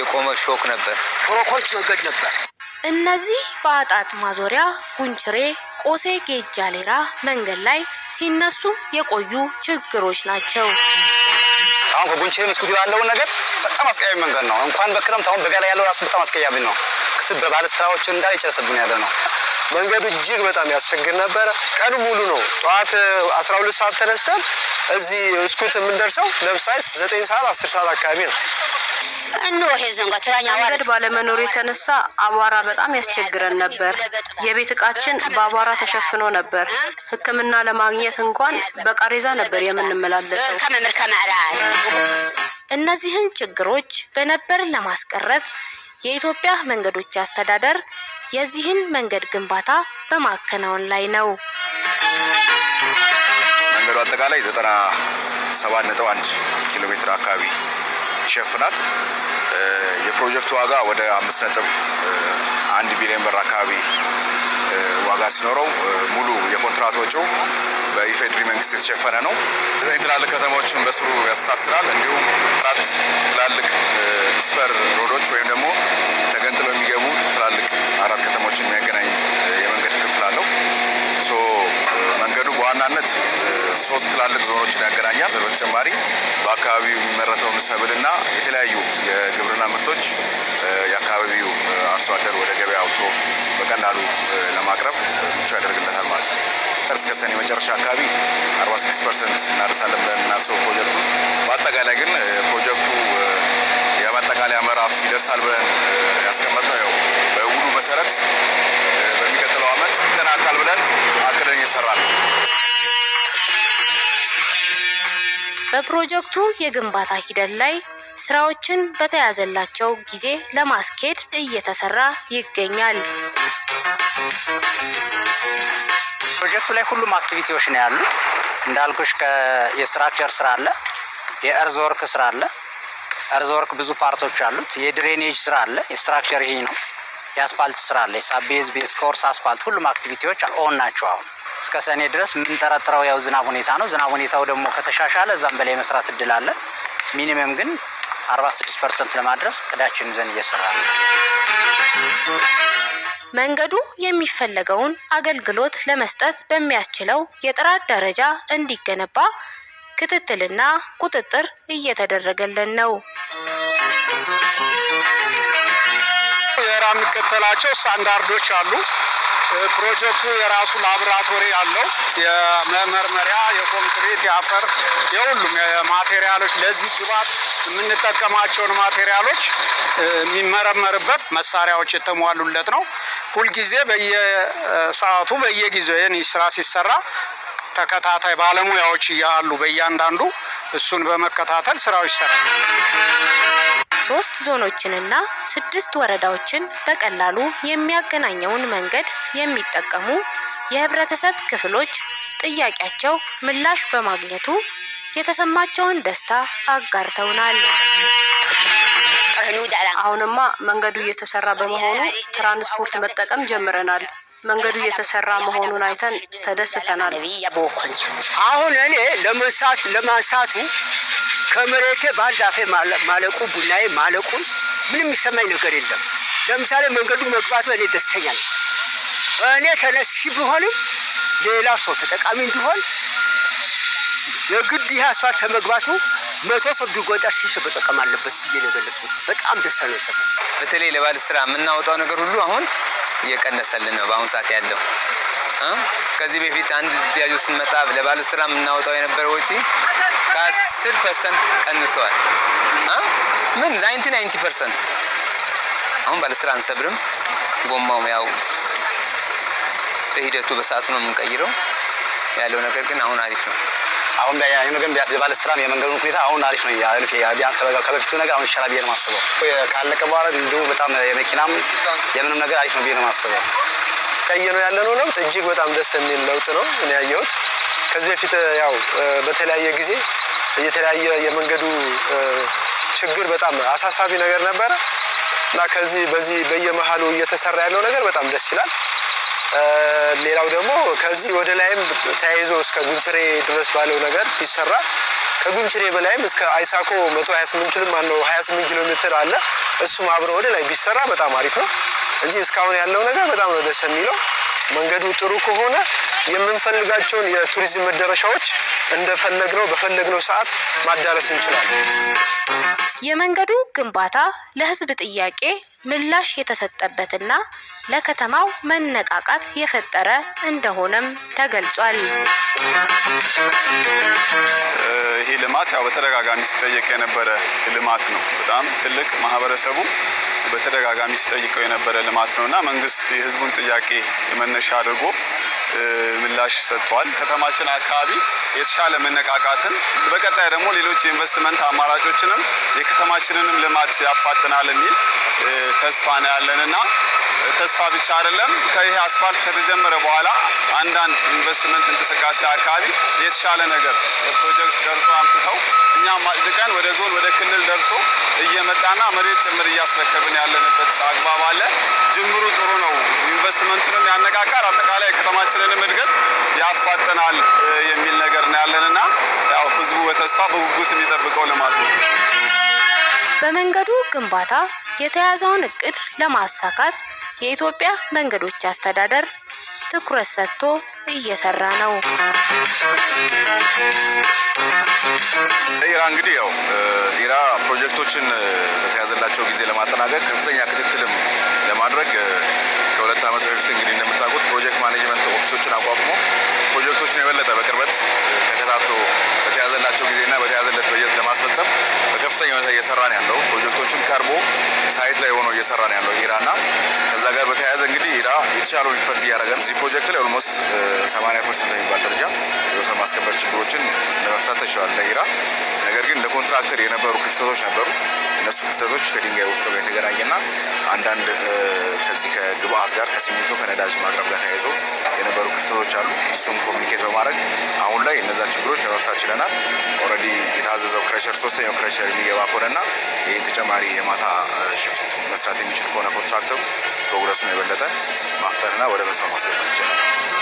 የቆመ ሾክ ነበር። ኮረኮች መንገድ ነበር። እነዚህ በአጣጥ ማዞሪያ፣ ጉንችሬ፣ ቆሴ ጌጃ ሌራ መንገድ ላይ ሲነሱ የቆዩ ችግሮች ናቸው። አሁን ከጉንችሬ መስኩት ያለውን ነገር በጣም አስቀያሚ መንገድ ነው። እንኳን በክረምት አሁን በጋ ላይ ያለው ራሱ በጣም አስቀያሚ ነው። ክስ በባለ ስራዎች እንዳል ይጨርስብን ያለ ነው። መንገዱ እጅግ በጣም ያስቸግር ነበረ። ቀኑ ሙሉ ነው። ጠዋት 12 ሰዓት ተነስተን እዚህ እስኩት የምንደርሰው ለምሳሌ 9 ሰዓት 10 ሰዓት አካባቢ ነው። መንገድ ባለመኖሩ የተነሳ አቧራ በጣም ያስቸግረን ነበር። የቤት እቃችን በአቧራ ተሸፍኖ ነበር። ሕክምና ለማግኘት እንኳን በቃሬዛ ነበር የምንመላለሰው። እነዚህን ችግሮች በነበር ለማስቀረት የኢትዮጵያ መንገዶች አስተዳደር የዚህን መንገድ ግንባታ በማከናወን ላይ ነው። መንገዱ አጠቃላይ 97.1 ኪሎ ሜትር አካባቢ ይሸፍናል። የፕሮጀክቱ ዋጋ ወደ አምስት ነጥብ አንድ ቢሊዮን ብር አካባቢ ዋጋ ሲኖረው ሙሉ የኮንትራት ወጪው በኢፌድሪ መንግስት የተሸፈነ ነው። ዘጠኝ ትላልቅ ከተሞችን በስሩ ያስተሳስራል። እንዲሁም አራት ትላልቅ ስፐር ሮዶች ወይም ደግሞ ተገንጥለው የሚገቡ ትላልቅ አራት ከተሞችን የሚያገናኝ በዋናነት ሶስት ትላልቅ ዞኖችን ያገናኛል። በተጨማሪ በአካባቢው የሚመረተውን ሰብልና የተለያዩ የግብርና ምርቶች የአካባቢው አርሶ አደር ወደ ገበያ አውጥቶ በቀላሉ ለማቅረብ ምቹ ያደርግለታል ማለት ነው። እስከ ሰኔ መጨረሻ አካባቢ 46 ፐርሰንት እናደርሳለን ብለን እናስበው ፕሮጀክቱ በአጠቃላይ ግን ፕሮጀክቱ የማጠቃለያ ምዕራፍ ይደርሳል ብለን ያስቀመጥነው ያው በውሉ መሰረት በሚቀጥለው ዓመት ይጠናቃል ብለን አቅደን ይሰራል። በፕሮጀክቱ የግንባታ ሂደት ላይ ስራዎችን በተያዘላቸው ጊዜ ለማስኬድ እየተሰራ ይገኛል። ፕሮጀክቱ ላይ ሁሉም አክቲቪቲዎች ነው ያሉት። እንዳልኩሽ የስትራክቸር ስራ አለ፣ የእርዝ ወርክ ስራ አለ። እርዝ ወርክ ብዙ ፓርቶች አሉት። የድሬኔጅ ስራ አለ፣ የስትራክቸር ይሄ ነው። የአስፓልት ስራ አለ፣ የሳቤዝ ቤዝ ኮርስ አስፓልት፣ ሁሉም አክቲቪቲዎች ኦን ናቸው አሁን እስከ ሰኔ ድረስ የምንጠረጥረው ያው ዝናብ ሁኔታ ነው። ዝናብ ሁኔታው ደግሞ ከተሻሻለ እዛም በላይ መስራት እድል አለ። ሚኒመም ግን 46 ፐርሰንት ለማድረስ ቅዳችን ዘን እየሰራ ነው። መንገዱ የሚፈለገውን አገልግሎት ለመስጠት በሚያስችለው የጥራት ደረጃ እንዲገነባ ክትትልና ቁጥጥር እየተደረገለን ነው። የራ የሚከተላቸው ስታንዳርዶች አሉ። ፕሮጀክቱ የራሱ ላብራቶሪ አለው። የመመርመሪያ፣ የኮንክሪት፣ የአፈር፣ የሁሉም ማቴሪያሎች ለዚህ ግባት የምንጠቀማቸውን ማቴሪያሎች የሚመረመርበት መሳሪያዎች የተሟሉለት ነው። ሁልጊዜ በየሰዓቱ በየጊዜው ይህን ስራ ሲሰራ ተከታታይ ባለሙያዎች አሉ። በእያንዳንዱ እሱን በመከታተል ስራው ይሰራል። ሶስት ዞኖችንና ስድስት ወረዳዎችን በቀላሉ የሚያገናኘውን መንገድ የሚጠቀሙ የህብረተሰብ ክፍሎች ጥያቄያቸው ምላሽ በማግኘቱ የተሰማቸውን ደስታ አጋርተውናል። አሁንማ መንገዱ እየተሰራ በመሆኑ ትራንስፖርት መጠቀም ጀምረናል። መንገዱ እየተሰራ መሆኑን አይተን ተደስተናል። አሁን እኔ ለመንሳት ለማንሳቱ ከመሬቴ በአንድ አፌ ማለቁ ቡናዬ ማለቁን ምንም የሚሰማኝ ነገር የለም። ለምሳሌ መንገዱ መግባቱ እኔ ደስተኛ ነው። እኔ ተነስሽ ቢሆንም ሌላ ሰው ተጠቃሚ እንዲሆን የግድ ይህ አስፋልት ተመግባቱ መቶ ሰው ቢጎዳ ሺህ መጠቀም አለበት ብዬ ነው የገለጽኩት። በጣም ደስ ነው የሰማኝ። በተለይ ለባለስራ የምናወጣው ነገር ሁሉ አሁን እየቀነሰልን ነው በአሁኑ ሰዓት ያለው ከዚህ በፊት አንድ ዲያጆ ስንመጣ ለባለስራ የምናወጣው የነበረ ወጪ ከአስር ፐርሰንት ቀንሰዋል። ምን ናይንቲ ናይንቲ ፐርሰንት አሁን ባለስራ አንሰብርም። ጎማውም ያው በሂደቱ በሰዓቱ ነው የምንቀይረው። ያለው ነገር ግን አሁን አሪፍ ነው። አሁን ላይ አይኑ ያለው ነገር ቢያንስ ነው የመንገዱን ሁኔታ አሁን አሪፍ ነው። ያልፍ ቢያንስ ከበፊቱ ነገር አሁን ይሻላል ብዬ ነው የማስበው። ካለቀ በኋላ እንዲሁ በጣም የመኪናም የምንም ነገር አሪፍ ነው ብዬ ነው የማስበው። ያየነው ያለነው ለውጥ እጅግ በጣም ደስ የሚል ለውጥ ነው እኔ ያየሁት። ከዚህ በፊት ያው በተለያየ ጊዜ የተለያየ የመንገዱ ችግር በጣም አሳሳቢ ነገር ነበረ እና ከዚህ በዚህ በየመሀሉ እየተሰራ ያለው ነገር በጣም ደስ ይላል። ሌላው ደግሞ ከዚህ ወደ ላይም ተያይዞ እስከ ጉንችሬ ድረስ ባለው ነገር ቢሰራ ከጉንችሬ በላይም እስከ አይሳኮ 128 28 ኪሎ ሜትር አለ። እሱም አብረ ወደ ላይ ቢሰራ በጣም አሪፍ ነው። እንጂ እስካሁን ያለው ነገር በጣም ነው ደስ የሚለው። መንገዱ ጥሩ ከሆነ የምንፈልጋቸውን የቱሪዝም መዳረሻዎች እንደፈለግነው በፈለግነው ሰዓት ማዳረስ እንችላለን። የመንገዱ ግንባታ ለህዝብ ጥያቄ ምላሽ የተሰጠበትና ለከተማው መነቃቃት የፈጠረ እንደሆነም ተገልጿል። ይህ ልማት ያው በተደጋጋሚ ሲጠየቅ የነበረ ልማት ነው። በጣም ትልቅ ማህበረሰቡ በተደጋጋሚ ሲጠይቀው የነበረ ልማት ነው እና መንግስት የህዝቡን ጥያቄ መነሻ አድርጎ ምላሽ ሰጥቷል። ከተማችን አካባቢ የተሻለ መነቃቃትን በቀጣይ ደግሞ ሌሎች የኢንቨስትመንት አማራጮችንም የከተማችንንም ልማት ያፋጥናል የሚል ተስፋ ነው ያለን እና ተስፋ ብቻ አይደለም ከይሄ አስፋልት ከተጀመረ በኋላ አንዳንድ ኢንቨስትመንት እንቅስቃሴ አካባቢ የተሻለ ነገር ፕሮጀክት ገርቶ አምጥተው እኛም አጽድቀን ወደ ዞን ወደ ክልል ደርሶ እየመጣና መሬት ጭምር እያስረከብን ያለንበት አግባብ አለ። ጅምሩ ጥሩ ነው። ኢንቨስትመንቱንም ያነቃቃል፣ አጠቃላይ ከተማችንንም እድገት ያፋጥናል የሚል ነገር ነው ያለንና ያው ህዝቡ በተስፋ በጉጉት የሚጠብቀው ልማት ነው። በመንገዱ ግንባታ የተያዘውን እቅድ ለማሳካት የኢትዮጵያ መንገዶች አስተዳደር ትኩረት ሰጥቶ እየሰራ ነው። ኢራ እንግዲህ ያው ኢራ ፕሮጀክቶችን በተያዘላቸው ጊዜ ለማጠናቀቅ ከፍተኛ ክትትልም ለማድረግ ከሁለት ዓመት በፊት እንግዲህ እንደምታውቁት ፕሮጀክት ማኔጅመንት ኦፊሶችን አቋቁሞ ፕሮጀክቶችን የበለጠ በቅርበት ተከታትሎ በተያዘላቸው ጊዜና በተያዘለት በጀት ለማስፈጸም በከፍተኛ ሁኔታ እየሰራ ነው ያለው። ፕሮጀክቶችን ቀርቦ ሳይት ላይ ሆኖ እየሰራ ነው ያለው ኢራና። ከዛ ጋር በተያያዘ እንግዲህ ኢራ የተሻለው ኢፈርት እያደረገ ነው። እዚህ ፕሮጀክት ላይ ኦልሞስት 80 ፐርሰንት የሚባል ደረጃ የወሰን ማስከበር ችግሮችን ማንሳት ለሂራ ነገር ግን ለኮንትራክተር የነበሩ ክፍተቶች ነበሩ። እነሱ ክፍተቶች ከድንጋይ ወፍጮ ጋር የተገናኘና አንዳንድ ከዚህ ከግብአት ጋር ከሲሚንቶ ከነዳጅ ማቅረብ ጋር ተያይዞ የነበሩ ክፍተቶች አሉ። እሱም ኮሚኒኬት በማድረግ አሁን ላይ እነዛ ችግሮች ለመፍታት ችለናል። ኦልሬዲ የታዘዘው ክረሸር ሶስተኛው ክረሸር የሚገባ ከሆነና ይህን ተጨማሪ የማታ ሽፍት መስራት የሚችል ከሆነ ኮንትራክተሩ ፕሮግረሱን የበለጠ ማፍጠንና ወደ መስመር ማስገባት ይችላል።